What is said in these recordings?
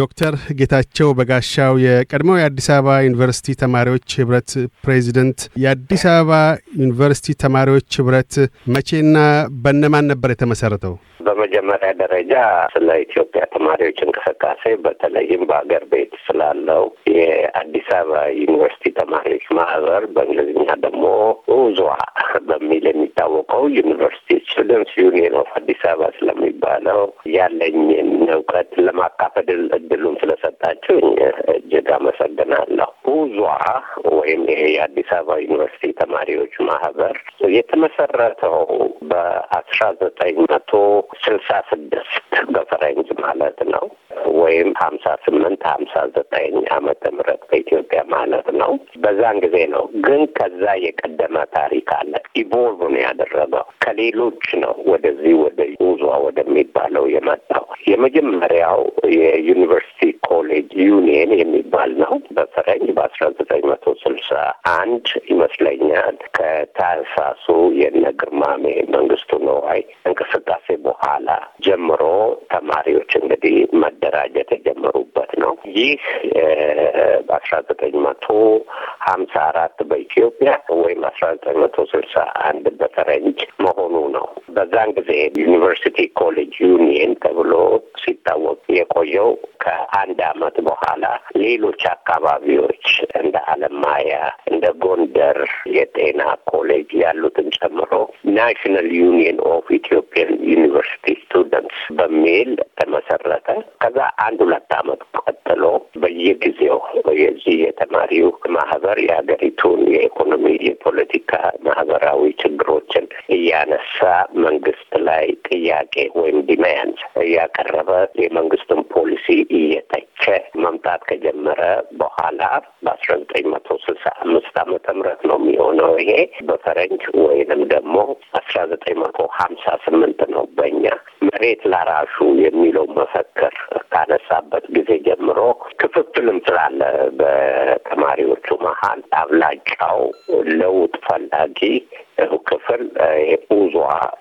ዶክተር ጌታቸው በጋሻው የቀድሞው የአዲስ አበባ ዩኒቨርሲቲ ተማሪዎች ህብረት ፕሬዚደንት። የአዲስ አበባ ዩኒቨርሲቲ ተማሪዎች ህብረት መቼና በነማን ነበር የተመሰረተው? በመጀመሪያ ደረጃ ስለ ኢትዮጵያ ተማሪዎች እንቅስቃሴ በተለይም በአገር ቤት ስላለው የአዲስ አበባ ዩኒቨርሲቲ ተማሪዎች ማህበር በእንግሊዝኛ ደግሞ ኡዝዋ በሚል የሚታወቀው ዩኒቨርሲቲ ስቱደንትስ ዩኒየን ኦፍ አዲስ አበባ ስለሚባለው ያለኝን እውቀት ለማካፈል እድሉን ስለሰጣችሁ እጅግ አመሰግናለሁ። ኡዟ ወይም ይሄ የአዲስ አበባ ዩኒቨርሲቲ ተማሪዎች ማህበር የተመሰረተው በአስራ ዘጠኝ መቶ ስልሳ ስድስት በፈረንጅ ማለት ነው ወይም ሀምሳ ስምንት ሀምሳ ዘጠኝ አመተ ምህረት በኢትዮጵያ ማለት ነው። በዛን ጊዜ ነው። ግን ከዛ የቀደመ ታሪክ አለ። ኢቮልቭ ነው ያደረገው። ከሌሎች ነው ወደዚህ ወደ ኡዟ ወደሚባለው የመጣው። የመጀመሪያው የዩኒቨርሲቲ ኮሌጅ ዩኒየን የሚባል ነው በፈረንጅ በአስራ ዘጠኝ መቶ ስልሳ አንድ ይመስለኛል ከታህሳሱ የነ ግርማሜ መንግስቱ ነዋይ እንቅስቃሴ በኋላ ጀምሮ ተማሪዎች እንግዲህ መደራጀት የጀመሩበት ነው። ይህ በአስራ ዘጠኝ መቶ ሀምሳ አራት በኢትዮጵያ ወይም አስራ ዘጠኝ መቶ ስልሳ አንድ በፈረንጅ መሆኑ ነው። በዛን ጊዜ ዩኒቨርሲቲ ኮሌጅ ዩኒየን ተብሎ ሲታወቅ የቆየው ከአንድ አመት በኋላ ሌሎች አካባቢዎች እንደ አለማያ፣ እንደ ጎንደር የጤና ኮሌጅ ያሉትን ጨምሮ ናሽናል ዩኒየን ኦፍ ኢትዮጵያን ዩኒቨርሲቲ ስቱደንትስ በሚል ተመሰረተ። ከዛ አንድ ሁለት ዓመት ቀጥሎ በየጊዜው የዚህ የተማሪው ማህበር የሀገሪቱን የኢኮኖሚ፣ የፖለቲካ፣ ማህበራዊ መሰረታዊ ችግሮችን እያነሳ መንግስት ላይ ጥያቄ ወይም ዲማንድ እያቀረበ የመንግስትን ፖሊሲ እየተቸ መምጣት ከጀመረ በኋላ በአስራ ዘጠኝ መቶ ስልሳ አምስት አመተ ምህረት ነው የሚሆነው ይሄ በፈረንጅ ወይንም ደግሞ አስራ ዘጠኝ መቶ ሀምሳ ስምንት ነው በእኛ መሬት ላራሹ የሚለው መፈክር ካነሳበት ጊዜ ጀምሮ ክፍፍልም ስላለ በተማሪዎቹ መሀል አብላጫው ለውጥ ፈላጊ ክፍል ኡዟ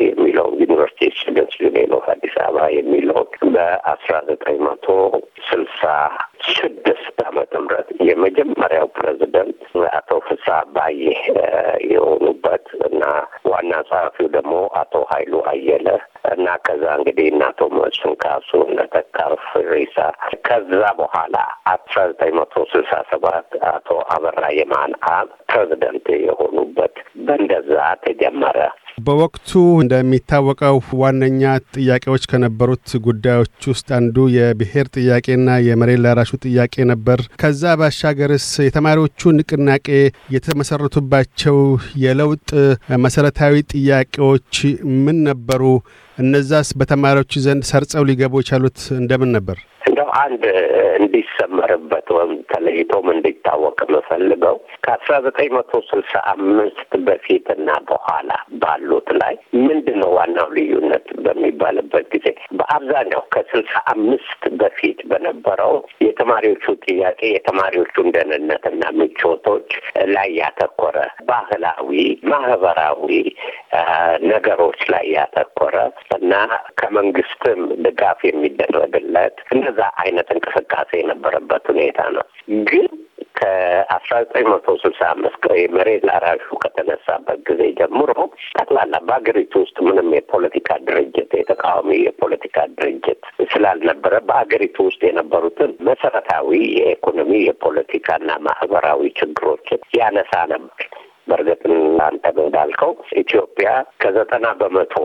የሚለው ዩኒቨርሲቲ ስቱደንትስ ዩኒየን ኦፍ አዲስ አበባ የሚለውን በአስራ ዘጠኝ መቶ ስልሳ ስድስት ዓመተ ምህረት የመጀመሪያው ፕሬዚደንት አቶ ፍሳ ባዬ የሆኑበት እና ዋና ጸሐፊው ደግሞ አቶ ሀይሉ አየለ እና ከዛ እንግዲህ እና አቶ መስፍን ካሱ እነ ተካር ፍሪሳ ከዛ በኋላ አስራ ዘጠኝ መቶ ስልሳ ሰባት አቶ አበራ የማን አብ ፕሬዚደንት የሆኑበት በእንደዛ ተጀመረ። በወቅቱ እንደሚታወቀው ዋነኛ ጥያቄዎች ከነበሩት ጉዳዮች ውስጥ አንዱ የብሔር ጥያቄና የመሬት ላራሹ ጥያቄ ነበር። ከዛ ባሻገርስ የተማሪዎቹ ንቅናቄ የተመሰረቱባቸው የለውጥ መሰረታዊ ጥያቄዎች ምን ነበሩ? እነዛስ በተማሪዎች ዘንድ ሰርጸው ሊገቡ የቻሉት እንደምን ነበር? እንደው አንድ እንዲሰመርበት ወይም ተለይቶም እንዲታወቅ የምፈልገው ከአስራ ዘጠኝ መቶ ስልሳ አምስት በፊትና በኋላ ባሉት ላይ ምንድን ነው ዋናው ልዩነት በሚባልበት ጊዜ በአብዛኛው ከስልሳ አምስት በፊት በነበረው የተማሪዎቹ ጥያቄ የተማሪዎቹን ደህንነትና ምቾቶች ላይ ያተኮረ ባህላዊ፣ ማህበራዊ ነገሮች ላይ ያተኮረ እና ከመንግስትም ድጋፍ የሚደረግለት እንደዛ አይነት እንቅስቃሴ የነበረበት ሁኔታ ነው። ግን ከአስራ ዘጠኝ መቶ ስልሳ አምስት የመሬት ላራሹ ከተነሳበት ጊዜ ጀምሮ ጠቅላላ በሀገሪቱ ውስጥ ምንም የፖለቲካ ድርጅት የተቃዋሚ የፖለቲካ ድርጅት ስላልነበረ በሀገሪቱ ውስጥ የነበሩትን መሰረታዊ የኢኮኖሚ የፖለቲካና ማህበራዊ ችግሮችን ያነሳ ነበር። በእርግጥ አንተ እንዳልከው ኢትዮጵያ ከዘጠና በመቶ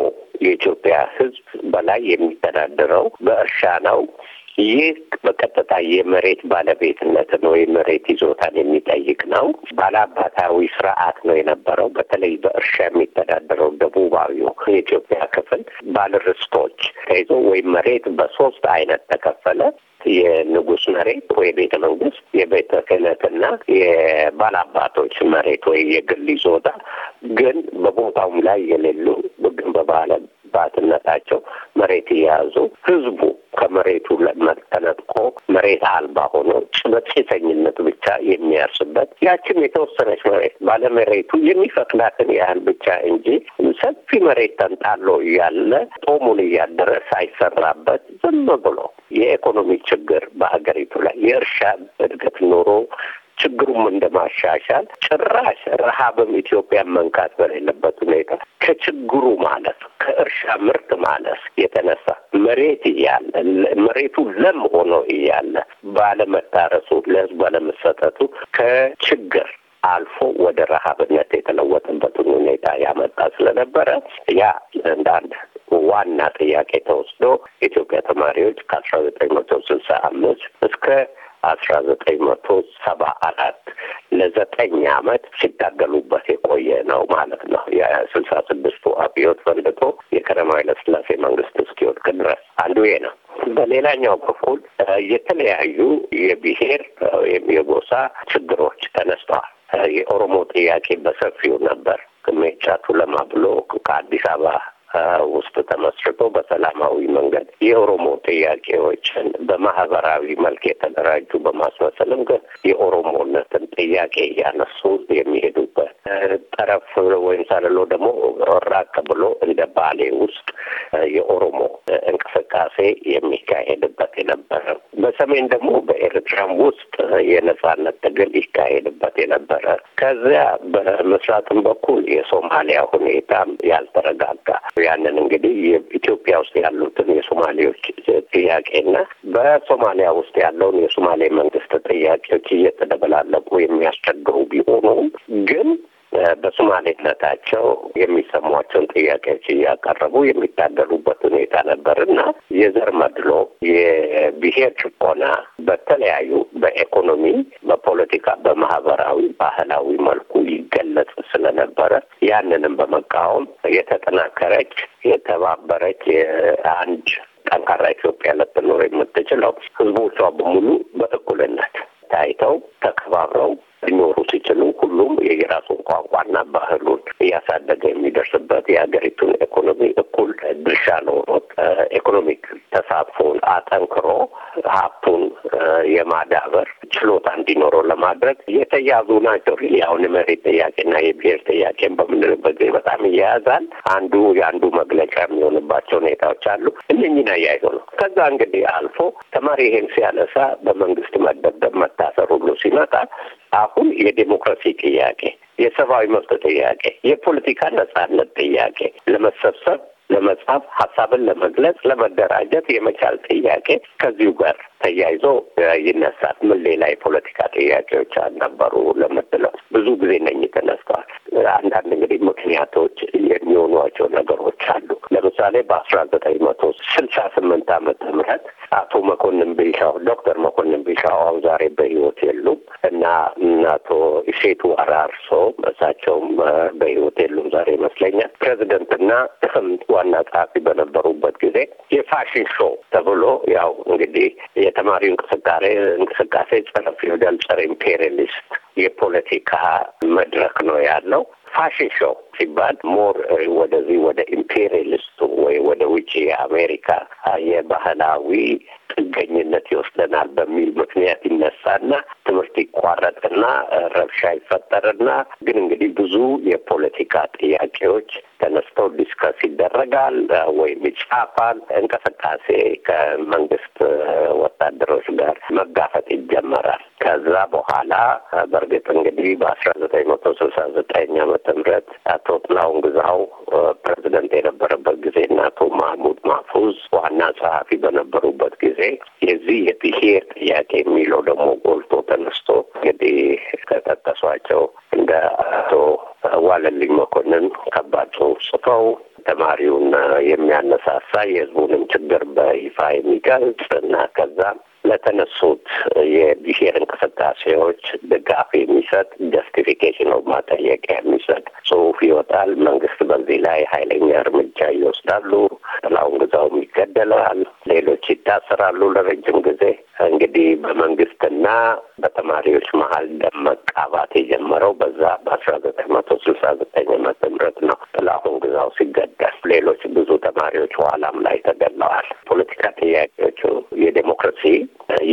የኢትዮጵያ ሕዝብ በላይ የሚተዳደረው በእርሻ ነው። ይህ በቀጥታ የመሬት ባለቤትነትን ወይም መሬት ይዞታን የሚጠይቅ ነው። ባለአባታዊ ስርዓት ነው የነበረው። በተለይ በእርሻ የሚተዳደረው ደቡባዊ የኢትዮጵያ ክፍል ባለርስቶች ተይዞ ወይም መሬት በሶስት አይነት ተከፈለ። የንጉስ መሬት ወይ ቤተ መንግስት፣ የቤተ ክህነትና የባላባቶች መሬት ወይ የግል ይዞታ ግን በቦታውም ላይ የሌሉ ግን በባለ ባትነታቸው መሬት እየያዙ ህዝቡ ከመሬቱ ተነጥቆ መሬት አልባ ሆኖ በሴሰኝነት ብቻ የሚያርስበት ያችም የተወሰነች መሬት ባለመሬቱ የሚፈቅዳትን ያህል ብቻ እንጂ ሰፊ መሬት ተንጣሎ እያለ ጦሙን እያደረ ሳይሰራበት ዝም ብሎ የኢኮኖሚ ችግር በሀገሪቱ ላይ የእርሻ እድገት ኑሮ ችግሩም እንደማሻሻል ጭራሽ ረሃብም ኢትዮጵያን መንካት በሌለበት ሁኔታ ከችግሩ ማለት ከእርሻ ምርት ማለት የተነሳ መሬት እያለ መሬቱ ለም ሆኖ እያለ ባለመታረሱ ለህዝብ ባለመሰጠቱ ከችግር አልፎ ወደ ረሃብነት የተለወጠበትን ሁኔታ ያመጣ ስለነበረ ያ እንዳንድ ዋና ጥያቄ ተወስዶ ኢትዮጵያ ተማሪዎች ከአስራ ዘጠኝ መቶ ስልሳ አምስት እስከ አስራ ዘጠኝ መቶ ሰባ አራት ለዘጠኝ አመት ሲታገሉበት የቆየ ነው ማለት ነው። የስልሳ ስድስቱ አብዮት ፈንድቶ የቀዳማዊ ኃይለሥላሴ መንግስት እስኪወድቅ ድረስ አንዱ ይሄ ነው። በሌላኛው በኩል የተለያዩ የብሔር ወይም የጎሳ ችግሮች ተነስተዋል። የኦሮሞ ጥያቄ በሰፊው ነበር። ሜጫ ቱለማ ብሎ ከአዲስ አበባ ውስጥ ተመስርቶ በሰላማዊ መንገድ የኦሮሞ ጥያቄዎችን በማህበራዊ መልክ የተደራጁ በማስመሰልም ግን የኦሮሞነትን ጥያቄ እያነሱ የሚሄዱበት ጠረፍ ወይም ሳልሎ ደግሞ ራቅ ብሎ እንደ ባሌ ውስጥ የኦሮሞ እንቅስቃሴ የሚካሄድበት የነበረ በሰሜን ደግሞ በኤርትራም ውስጥ የነጻነት ትግል ይካሄድበት የነበረ ከዚያ በምስራቅም በኩል የሶማሊያ ሁኔታም ያልተረጋጋ ያንን እንግዲህ ኢትዮጵያ ውስጥ ያሉትን የሶማሌዎች ጥያቄና በሶማሊያ ውስጥ ያለውን የሶማሌ መንግስት ጥያቄዎች እየተደበላለቁ የሚያስቸግሩ ቢሆኑም ግን በሶማሌነታቸው የሚሰሟቸውን ጥያቄዎች እያቀረቡ የሚታገሉበት ሁኔታ ነበር እና የዘር መድሎ፣ የብሄር ጭቆና በተለያዩ በኢኮኖሚ፣ በፖለቲካ፣ በማህበራዊ፣ ባህላዊ መልኩ ይገለጽ ስለነበረ ያንንም በመቃወም የተጠናከረች የተባበረች አንድ ጠንካራ ኢትዮጵያ ልትኖር የምትችለው ህዝቦቿ በሙሉ እያደገ የሚደርስበት የሀገሪቱን ኢኮኖሚ እኩል ድርሻ ኖሮት ኢኮኖሚክ ተሳትፎን አጠንክሮ ሀብቱን የማዳበር ችሎታ እንዲኖረው ለማድረግ የተያዙ ናቸው። አሁን የመሬት ጥያቄና የብሔር ጥያቄን በምንልበት ጊዜ በጣም እያያዛል። አንዱ የአንዱ መግለጫ የሚሆንባቸው ሁኔታዎች አሉ። እነኝን አያይዞ ነው። ከዛ እንግዲህ አልፎ ተማሪ ይሄን ሲያነሳ በመንግስት መደብደብ፣ መታሰር ሁሉ ሲመጣ አሁን የዴሞክራሲ ጥያቄ የሰብአዊ መብት ጥያቄ፣ የፖለቲካ ነጻነት ጥያቄ፣ ለመሰብሰብ፣ ለመጻፍ፣ ሀሳብን ለመግለጽ፣ ለመደራጀት የመቻል ጥያቄ ከዚሁ ጋር ተያይዞ ይነሳል። ምን ሌላ የፖለቲካ ጥያቄዎች አልነበሩ ለምትለው ብዙ ጊዜ ነኝ ተነስተዋል። አንዳንድ እንግዲህ ምክንያቶች የሚሆኗቸው ነገሮች አሉ። ለምሳሌ በአስራ ዘጠኝ መቶ ስልሳ ስምንት ዓመተ ምህረት አቶ መኮንን ቢሻው ዶክተር መኮንን ቢሻው አሁን ዛሬ በህይወት የሉም እና አቶ ሴቱ አራርሶ እሳቸውም በህይወት የሉም ዛሬ ይመስለኛል ፕሬዚደንትና ዋና ጸሐፊ በነበሩበት ጊዜ የፋሽን ሾው ተብሎ ያው እንግዲህ የተማሪው እንቅስቃሴ እንቅስቃሴ ጸረ ፊውዳል ጸረ ኢምፔሪያሊስት የፖለቲካ መድረክ ነው ያለው። ፋሽን ሾው ሲባል ሞር ወደዚህ ወደ ኢምፔሪያሊስቱ ወይ ወደ ውጭ የአሜሪካ የባህላዊ ጥገኝነት ይወስደናል በሚል ምክንያት ይነሳና ትምህርት ይቋረጥና ረብሻ ይፈጠርና ግን እንግዲህ ብዙ የፖለቲካ ጥያቄዎች ተነስቶ ዲስከስ ይደረጋል ወይም ይጻፋል። እንቅስቃሴ ከመንግስት ወታደሮች ጋር መጋፈጥ ይጀመራል። ከዛ በኋላ በእርግጥ እንግዲህ በአስራ ዘጠኝ መቶ ስልሳ ዘጠኝ ዓመተ ምህረት አቶ ጥላሁን ግዛው ፕሬዚደንት የነበረበት ጊዜና አቶ ማህሙድ ማፉዝ ዋና ጸሐፊ በነበሩበት ጊዜ የዚህ የብሄር ጥያቄ የሚለው ደግሞ ጎልቶ ተነስቶ እንግዲህ ከጠቀሷቸው እንደ አቶ ዋለልኝ መኮንን ከባድ ጽሁፍ ጽፈው ተማሪውን የሚያነሳሳ የህዝቡንም ችግር በይፋ የሚገልጽ እና ከዛ ለተነሱት የብሄር እንቅስቃሴዎች ድጋፍ የሚሰጥ ጀስቲፊኬሽን ነው ማጠየቂያ የሚሰጥ ጽሁፍ ይወጣል። መንግስት በዚህ ላይ ኃይለኛ እርምጃ ይወስዳሉ። ጥላሁን ግዛውም ይገደላል። ሌሎች ይታሰራሉ ለረጅም ጊዜ። እንግዲህ በመንግስትና በተማሪዎች መሀል ደም መቃባት የጀመረው በዛ በአስራ ዘጠኝ መቶ ስልሳ ዘጠኝ ዓመተ ምህረት ነው። ጥላሁን ግዛው ሲገደል ሌሎች ብዙ ተማሪዎች ኋላም ላይ ተገለዋል። ፖለቲካ ጥያቄዎቹ የዴሞክራሲ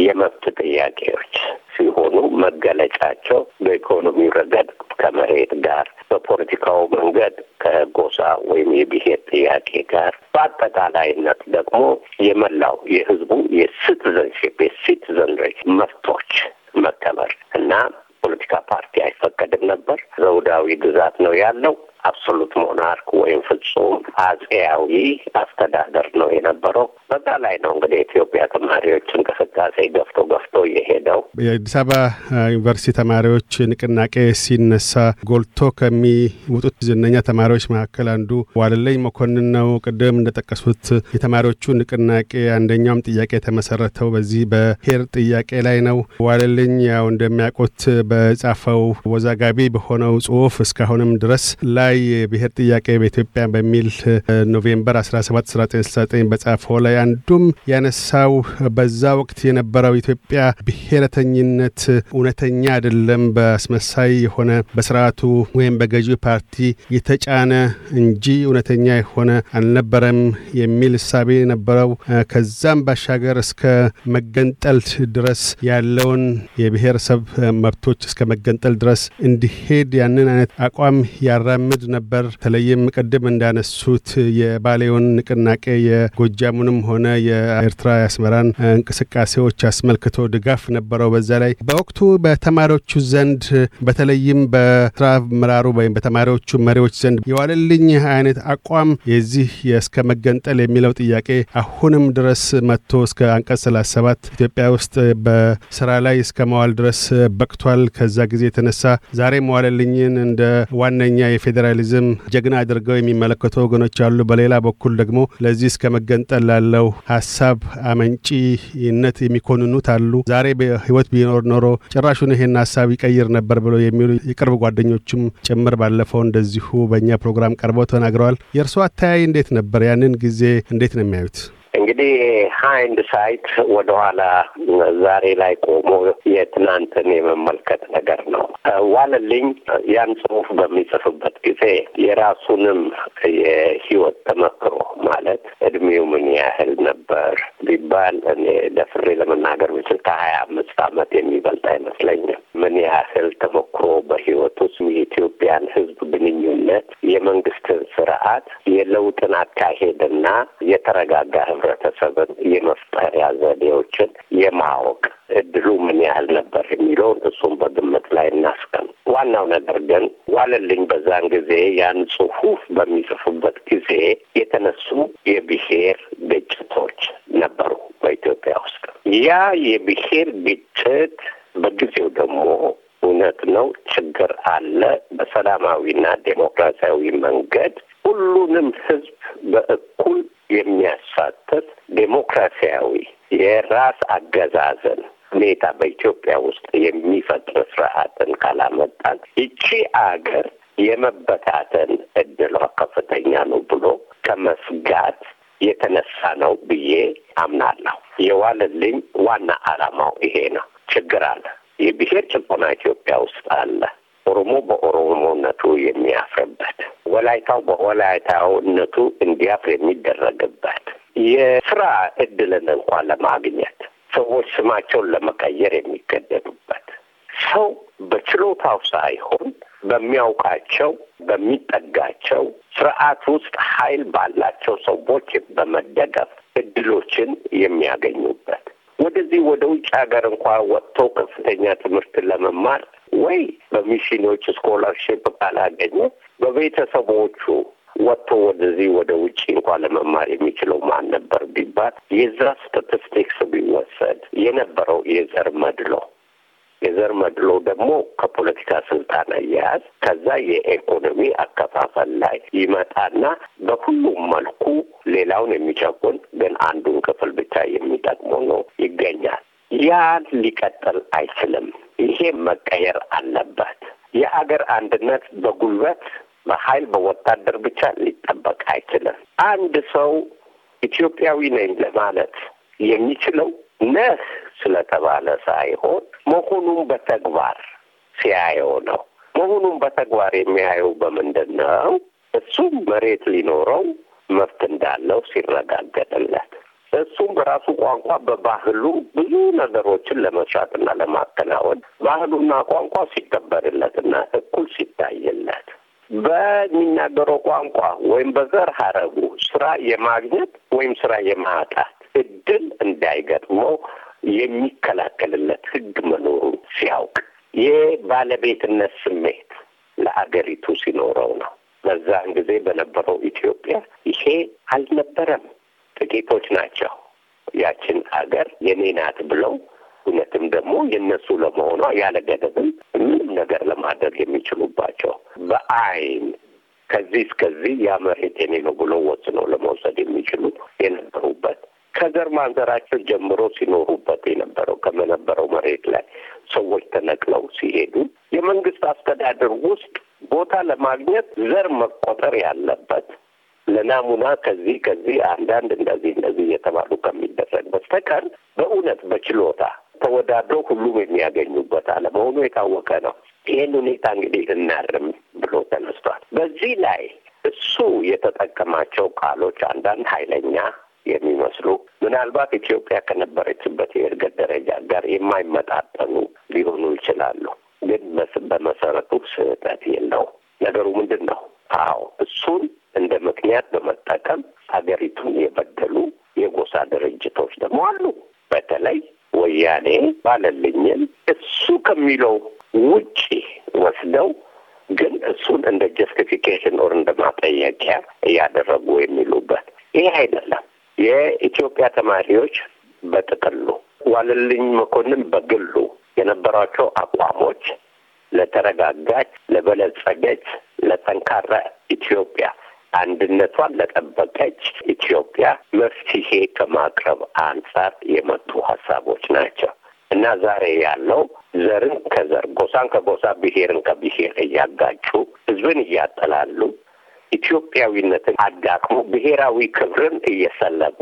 የመብት ጥያቄዎች ሲሆኑ መገለጫቸው በኢኮኖሚው ረገድ ከመሬት ጋር፣ በፖለቲካው መንገድ ከጎሳ ወይም የብሔር ጥያቄ ጋር፣ በአጠቃላይነት ደግሞ የመላው የህዝቡ የሲቲዘንሽፕ የሲቲዘን መብቶች መከበር እና ፖለቲካ ፓርቲ አይፈቀድም ነበር። ዘውዳዊ ግዛት ነው ያለው። አብሶሉት ሞናርክ ወይም ፍጹም አጼያዊ አስተዳደር ነው የነበረው። በዛ ላይ ነው እንግዲህ የኢትዮጵያ ተማሪዎች እንቅስቃሴ ገፍቶ ገፍቶ የሄደው። የአዲስ አበባ ዩኒቨርሲቲ ተማሪዎች ንቅናቄ ሲነሳ ጎልቶ ከሚወጡት ዝነኛ ተማሪዎች መካከል አንዱ ዋለልኝ መኮንን ነው። ቅድም እንደጠቀሱት የተማሪዎቹ ንቅናቄ አንደኛውም ጥያቄ የተመሰረተው በዚህ በሄር ጥያቄ ላይ ነው። ዋለልኝ ያው እንደሚያውቁት በጻፈው ወዛጋቢ በሆነው ጽሁፍ እስካሁንም ድረስ ላይ የብሔር ጥያቄ በኢትዮጵያ በሚል ኖቬምበር 17 1969 በጻፈው ላይ አንዱም ያነሳው በዛ ወቅት የነበረው ኢትዮጵያ ብሔረተኝነት እውነተኛ አይደለም፣ በአስመሳይ የሆነ በስርዓቱ ወይም በገዢው ፓርቲ የተጫነ እንጂ እውነተኛ የሆነ አልነበረም የሚል እሳቤ ነበረው። ከዛም ባሻገር እስከ መገንጠል ድረስ ያለውን የብሔረሰብ መብቶች እስከ መገንጠል ድረስ እንዲሄድ ያንን አይነት አቋም ያራምድ ነበር። በተለይም ቅድም እንዳነሱት የባሌውን ንቅናቄ የጎጃሙንም ሆነ የኤርትራ የአስመራን እንቅስቃሴዎች አስመልክቶ ድጋፍ ነበረው። በዛ ላይ በወቅቱ በተማሪዎቹ ዘንድ በተለይም በኤርትራ ምራሩ ወይም በተማሪዎቹ መሪዎች ዘንድ የዋለልኝ አይነት አቋም የዚህ እስከ መገንጠል የሚለው ጥያቄ አሁንም ድረስ መጥቶ እስከ አንቀጽ ሰላሳ ሰባት ኢትዮጵያ ውስጥ በስራ ላይ እስከ መዋል ድረስ በቅቷል። ከዛ ጊዜ የተነሳ ዛሬ መዋለልኝ አማርኝን እንደ ዋነኛ የፌዴራሊዝም ጀግና አድርገው የሚመለከቱ ወገኖች አሉ። በሌላ በኩል ደግሞ ለዚህ እስከ መገንጠል ላለው ሀሳብ አመንጪነት የሚኮንኑት አሉ። ዛሬ በህይወት ቢኖር ኖሮ ጭራሹን ይሄን ሀሳብ ይቀይር ነበር ብለው የሚሉ የቅርብ ጓደኞችም ጭምር ባለፈው እንደዚሁ በእኛ ፕሮግራም ቀርበው ተናግረዋል። የእርስዎ አተያይ እንዴት ነበር? ያንን ጊዜ እንዴት ነው የሚያዩት? እንግዲህ ሀይንድ ሳይት ወደኋላ ዛሬ ላይ ቆሞ የትናንትን የመመልከት ነገር ነው። ዋለልኝ ያን ጽሁፍ በሚጽፍበት ጊዜ የራሱንም የህይወት ተመክሮ ማለት እድሜው ምን ያህል ነበር ቢባል እኔ ደፍሬ ለመናገር ምችል ከሀያ አምስት አመት የሚበልጥ አይመስለኝም። ምን ያህል ተሞክሮ በህይወት ውስጥ የኢትዮጵያን ህዝብ ግንኙነት፣ የመንግስትን ስርዓት፣ የለውጥን አካሄድና የተረጋጋ ህብረተሰብን የመፍጠሪያ ዘዴዎችን የማወቅ እድሉ ምን ያህል ነበር የሚለውን እሱም በግምት ላይ እናስቀም። ዋናው ነገር ግን ዋለልኝ በዛን ጊዜ ያን ጽሁፍ በሚጽፉበት ጊዜ የተነሱ የብሄር ግጭቶች ነበሩ በኢትዮጵያ ውስጥ ያ የብሄር ግጭት በጊዜው ደግሞ እውነት ነው ችግር አለ። በሰላማዊና ዴሞክራሲያዊ መንገድ ሁሉንም ህዝብ በእኩል የሚያሳተፍ ዴሞክራሲያዊ የራስ አገዛዘን ሁኔታ በኢትዮጵያ ውስጥ የሚፈጥር ስርዓትን ካላመጣን ይቺ አገር የመበታተን እድሏ ከፍተኛ ነው ብሎ ከመስጋት የተነሳ ነው ብዬ አምናለሁ። የዋለልኝ ዋና ዓላማው ይሄ ነው። ችግር አለ። የብሔር ጭቆና ኢትዮጵያ ውስጥ አለ። ኦሮሞ በኦሮሞነቱ የሚያፍርበት፣ ወላይታው በወላይታውነቱ እንዲያፍር የሚደረግበት፣ የስራ እድልን እንኳን ለማግኘት ሰዎች ስማቸውን ለመቀየር የሚገደዱበት፣ ሰው በችሎታው ሳይሆን በሚያውቃቸው በሚጠጋቸው ስርዓት ውስጥ ኃይል ባላቸው ሰዎች በመደገፍ እድሎችን የሚያገኙበት ከዚህ ወደ ውጭ ሀገር እንኳ ወጥቶ ከፍተኛ ትምህርት ለመማር ወይ በሚሽኖች ስኮላርሽፕ ካላገኘ በቤተሰቦቹ ወጥቶ ወደዚህ ወደ ውጭ እንኳ ለመማር የሚችለው ማን ነበር ቢባል የዛ ስታቲስቲክስ ቢወሰድ የነበረው የዘር መድሎ የዘር መድሎ ደግሞ ከፖለቲካ ስልጣን አያያዝ ከዛ የኢኮኖሚ አከፋፈል ላይ ይመጣና በሁሉም መልኩ ሌላውን የሚጨቁን ግን አንዱን ክፍል ብቻ የሚጠቅሙ ነው ይገኛል። ያ ሊቀጥል አይችልም። ይሄ መቀየር አለበት። የአገር አንድነት በጉልበት በኃይል በወታደር ብቻ ሊጠበቅ አይችልም። አንድ ሰው ኢትዮጵያዊ ነኝ ለማለት የሚችለው ነህ ስለተባለ ሳይሆን መሆኑን በተግባር ሲያየው ነው። መሆኑን በተግባር የሚያየው በምንድን ነው? እሱም መሬት ሊኖረው መብት እንዳለው ሲረጋገጥለት፣ እሱም በራሱ ቋንቋ በባህሉ ብዙ ነገሮችን ለመስራትና ለማከናወን ባህሉና ቋንቋ ሲከበርለትና እኩል ሲታይለት በሚናገረው ቋንቋ ወይም በዘር ሀረጉ ስራ የማግኘት ወይም ስራ የማጣት እድል እንዳይገጥመው የሚከላከልለት ህግ መኖሩን ሲያውቅ የባለቤትነት ስሜት ለአገሪቱ ሲኖረው ነው። በዛን ጊዜ በነበረው ኢትዮጵያ ይሄ አልነበረም። ጥቂቶች ናቸው ያችን አገር የኔ ናት ብለው እውነትም ደግሞ የነሱ ለመሆኗ ያለ ገደብም ምንም ነገር ለማድረግ የሚችሉባቸው በአይን ከዚህ እስከዚህ ያ መሬት የኔ ነው ብሎ ወስኖ ለመውሰድ የሚችሉ የነበሩበት ከዘር ማንዘራቸው ጀምሮ ሲኖሩበት የነበረው ከመነበረው መሬት ላይ ሰዎች ተነቅለው ሲሄዱ የመንግስት አስተዳደር ውስጥ ቦታ ለማግኘት ዘር መቆጠር ያለበት ለናሙና ከዚህ ከዚህ አንዳንድ እንደዚህ እንደዚህ እየተባሉ ከሚደረግ በስተቀር በእውነት በችሎታ ተወዳድረው ሁሉም የሚያገኙበት አለመሆኑ የታወቀ ነው። ይህን ሁኔታ እንግዲህ እናርም ብሎ ተነስቷል። በዚህ ላይ እሱ የተጠቀማቸው ቃሎች አንዳንድ ኃይለኛ የሚመስሉ ምናልባት ኢትዮጵያ ከነበረችበት የእድገት ደረጃ ጋር የማይመጣጠኑ ሊሆኑ ይችላሉ። ግን በመሰረቱ ስህተት የለው ነገሩ ምንድን ነው? አዎ እሱን እንደ ምክንያት በመጠቀም ሀገሪቱን የበደሉ የጎሳ ድርጅቶች ደግሞ አሉ። በተለይ ወያኔ ባለልኝን እሱ ከሚለው ውጪ ወስደው ግን እሱን እንደ ጀስቲፊኬሽን ኦር እንደ ማጠየቂያ እያደረጉ የሚሉበት ይሄ አይደለም። የኢትዮጵያ ተማሪዎች በጥቅሉ ዋለልኝ መኮንን በግሉ የነበሯቸው አቋሞች ለተረጋጋች፣ ለበለጸገች፣ ለጠንካራ ኢትዮጵያ አንድነቷን ለጠበቀች ኢትዮጵያ መፍትሄ ከማቅረብ አንጻር የመጡ ሀሳቦች ናቸው እና ዛሬ ያለው ዘርን ከዘር፣ ጎሳን ከጎሳ፣ ብሔርን ከብሔር እያጋጩ ህዝብን እያጠላሉ ኢትዮጵያዊነትን አዳክሞ ብሔራዊ ክብርን እየሰለቡ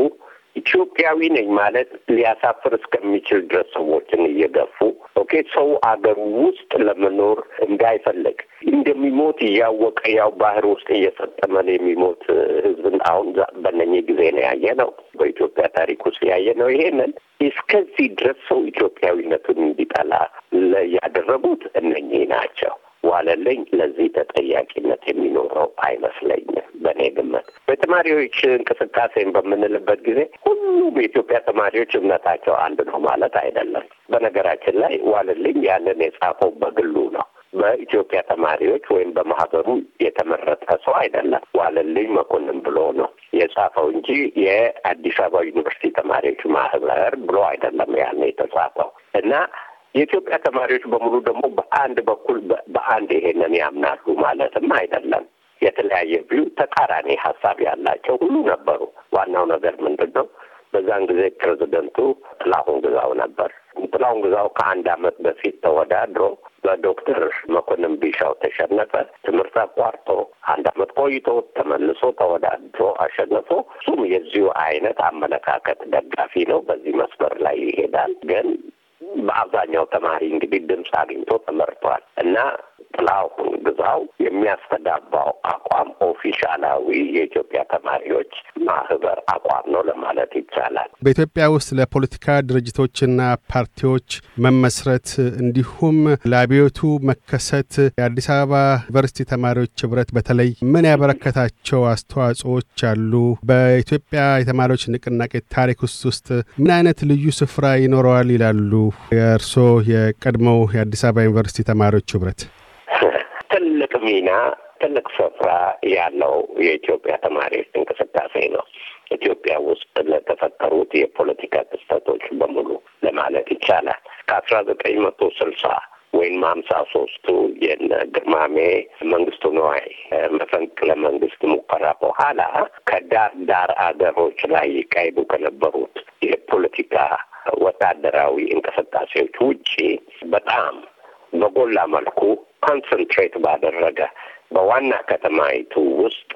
ኢትዮጵያዊ ነኝ ማለት ሊያሳፍር እስከሚችል ድረስ ሰዎችን እየገፉ ኦኬ ሰው አገሩ ውስጥ ለመኖር እንዳይፈልግ እንደሚሞት እያወቀ ያው ባህር ውስጥ እየሰጠመን የሚሞት ህዝብን አሁን በነኚህ ጊዜ ነው ያየ ነው። በኢትዮጵያ ታሪክ ውስጥ ያየ ነው። ይሄንን እስከዚህ ድረስ ሰው ኢትዮጵያዊነቱን እንዲጠላ ያደረጉት እነኚህ ናቸው። ዋለልኝ ለዚህ ተጠያቂነት የሚኖረው አይመስለኝም። በእኔ ግምት በተማሪዎች እንቅስቃሴን በምንልበት ጊዜ ሁሉም የኢትዮጵያ ተማሪዎች እምነታቸው አንድ ነው ማለት አይደለም። በነገራችን ላይ ዋለልኝ ያንን የጻፈው በግሉ ነው። በኢትዮጵያ ተማሪዎች ወይም በማህበሩ የተመረጠ ሰው አይደለም። ዋለልኝ መኮንን ብሎ ነው የጻፈው እንጂ የአዲስ አበባ ዩኒቨርሲቲ ተማሪዎች ማህበር ብሎ አይደለም ያን የተጻፈው እና የኢትዮጵያ ተማሪዎች በሙሉ ደግሞ በአንድ በኩል በአንድ ይሄንን ያምናሉ ማለትም አይደለም። የተለያየ ቪው ተቃራኒ ሀሳብ ያላቸው ሁሉ ነበሩ። ዋናው ነገር ምንድን ነው? በዛን ጊዜ ፕሬዚደንቱ ጥላሁን ግዛው ነበር። ጥላሁን ግዛው ከአንድ ዓመት በፊት ተወዳድሮ በዶክተር መኮንን ቢሻው ተሸነፈ። ትምህርት አቋርጦ አንድ ዓመት ቆይቶ ተመልሶ ተወዳድሮ አሸንፎ እሱም የዚሁ አይነት አመለካከት ደጋፊ ነው። በዚህ መስመር ላይ ይሄዳል። ግን በአብዛኛው ተማሪ እንግዲህ ድምፅ አግኝቶ ተመርቷል እና ጥላሁን ግዛው የሚያስተጋባው አቋም ኦፊሻላዊ የኢትዮጵያ ተማሪዎች ማህበር አቋም ነው ለማለት ይቻላል። በኢትዮጵያ ውስጥ ለፖለቲካ ድርጅቶችና ፓርቲዎች መመስረት እንዲሁም ለአብዮቱ መከሰት የአዲስ አበባ ዩኒቨርሲቲ ተማሪዎች ህብረት በተለይ ምን ያበረከታቸው አስተዋጽኦዎች አሉ? በኢትዮጵያ የተማሪዎች ንቅናቄ ታሪክ ውስጥ ውስጥ ምን አይነት ልዩ ስፍራ ይኖረዋል ይላሉ የእርስዎ የቀድሞው የአዲስ አበባ ዩኒቨርሲቲ ተማሪዎች ህብረት? ሚና ትልቅ ስፍራ ያለው የኢትዮጵያ ተማሪዎች እንቅስቃሴ ነው። ኢትዮጵያ ውስጥ ለተፈጠሩት የፖለቲካ ክስተቶች በሙሉ ለማለት ይቻላል ከአስራ ዘጠኝ መቶ ስልሳ ወይም ሀምሳ ሶስቱ የነ ግርማሜ መንግስቱ ነዋይ መፈንቅለ መንግስት ሙከራ በኋላ ከዳር ዳር አገሮች ላይ ይካሄዱ ከነበሩት የፖለቲካ ወታደራዊ እንቅስቃሴዎች ውጪ በጣም በጎላ መልኩ ኮንሰንትሬት ባደረገ በዋና ከተማይቱ ውስጥ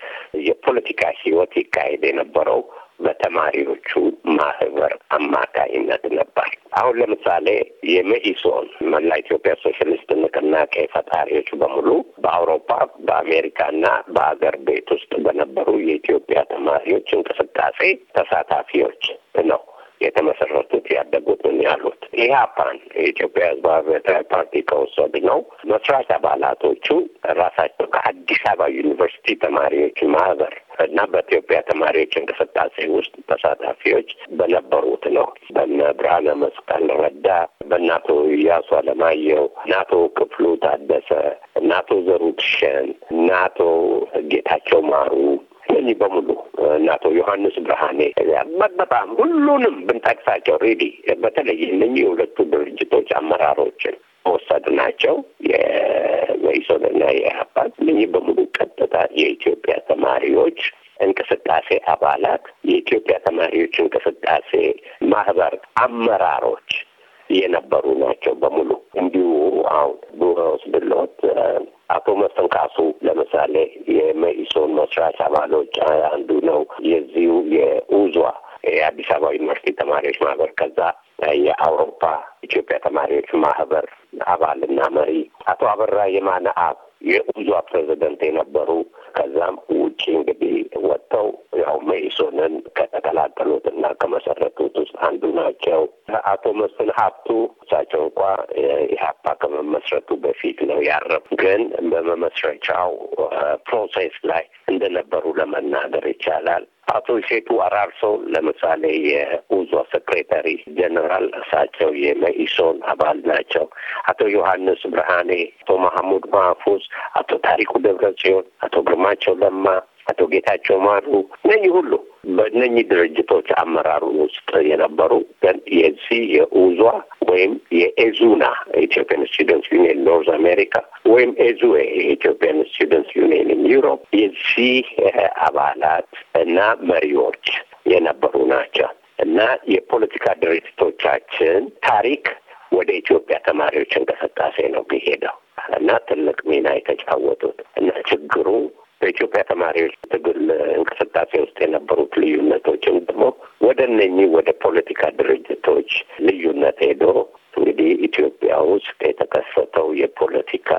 የፖለቲካ ህይወት ይካሄድ የነበረው በተማሪዎቹ ማህበር አማካይነት ነበር። አሁን ለምሳሌ የመኢሶን መላ ኢትዮጵያ ሶሻሊስት ንቅናቄ ፈጣሪዎች በሙሉ በአውሮፓ በአሜሪካና በሀገር ቤት ውስጥ በነበሩ የኢትዮጵያ ተማሪዎች እንቅስቃሴ ተሳታፊዎች ነው። የተመሰረቱት ያደጉት ምን ያሉት ኢህአፓን የኢትዮጵያ ህዝባዊ አብዮታዊ ፓርቲ ከወሰድ ነው መስራች አባላቶቹ ራሳቸው ከአዲስ አበባ ዩኒቨርሲቲ ተማሪዎች ማህበር እና በኢትዮጵያ ተማሪዎች እንቅስቃሴ ውስጥ ተሳታፊዎች በነበሩት ነው። በነ ብርሃነ መስቀል ረዳ፣ በእነ አቶ እያሱ አለማየሁ እና አቶ ክፍሉ ታደሰ እና አቶ ዘሩ ትሸን እና አቶ ጌታቸው ማሩ እነዚህ በሙሉ እና አቶ ዮሐንስ ብርሃኔ በጣም ሁሉንም ብንጠቅሳቸው ሬዲ በተለይ እነኚህ የሁለቱ ድርጅቶች አመራሮችን መወሰድ ናቸው የመኢሶንና የአባት እነኚህ በሙሉ ቀጥታ የኢትዮጵያ ተማሪዎች እንቅስቃሴ አባላት የኢትዮጵያ ተማሪዎች እንቅስቃሴ ማህበር አመራሮች የነበሩ ናቸው በሙሉ እንዲሁ አሁን ቡና ወስድለት አቶ መስፍን ካሱ ለምሳሌ የመኢሶን መስራች አባሎች አንዱ ነው። የዚሁ የኡዟ የአዲስ አበባ ዩኒቨርሲቲ ተማሪዎች ማህበር ከዛ የአውሮፓ ኢትዮጵያ ተማሪዎች ማህበር አባልና መሪ አቶ አበራ የማነ አብ የኡዟ ፕሬዚደንት የነበሩ ከዛም ውጭ እንግዲህ ወጥተው ያው መኢሶንን ከተቀላቀሉት እና ከመሰረቱት ውስጥ አንዱ ናቸው። አቶ መስፍን ሀብቱ እሳቸው እንኳ ኢህአፓ ከመመስረቱ በፊት ነው ያረፉ፣ ግን በመመስረቻው ፕሮሴስ ላይ እንደነበሩ ለመናገር ይቻላል። አቶ ሼቱ አራርሶ ለምሳሌ የኡዞ ሴክሬታሪ ጀነራል እሳቸው የመኢሶን አባል ናቸው። አቶ ዮሐንስ ብርሃኔ፣ አቶ መሐሙድ ማፉዝ አቶ ታሪኩ ደብረ ጽዮን፣ አቶ ግርማቸው ለማ አቶ ጌታቸው ማሩ እነኚህ ሁሉ በእነኚህ ድርጅቶች አመራሩ ውስጥ የነበሩ ግን የዚህ የኡዟ ወይም የኤዙና የኢትዮጵያን ስቱደንትስ ዩኒየን ኖርዝ አሜሪካ ወይም ኤዙዌ የኢትዮጵያን ስቱደንትስ ዩኒየን ዩሮፕ የዚህ አባላት እና መሪዎች የነበሩ ናቸው እና የፖለቲካ ድርጅቶቻችን ታሪክ ወደ ኢትዮጵያ ተማሪዎች እንቅስቃሴ ነው የሄደው እና ትልቅ ሚና የተጫወቱት እና ችግሩ በኢትዮጵያ ተማሪዎች ትግል እንቅስቃሴ ውስጥ የነበሩት ልዩነቶችም ደግሞ ወደ እነኚህ ወደ ፖለቲካ ድርጅቶች ልዩነት ሄዶ እንግዲህ ኢትዮጵያ ውስጥ የተከሰተው የፖለቲካ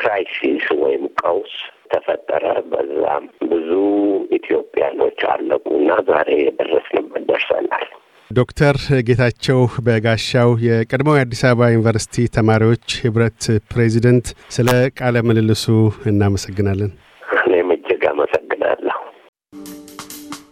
ክራይሲስ ወይም ቀውስ ተፈጠረ። በዛም ብዙ ኢትዮጵያኖች አለቁ እና ዛሬ የደረስንበት ደርሰናል። ዶክተር ጌታቸው በጋሻው የቀድሞው የአዲስ አበባ ዩኒቨርሲቲ ተማሪዎች ህብረት ፕሬዚደንት፣ ስለ ቃለ ምልልሱ እናመሰግናለን።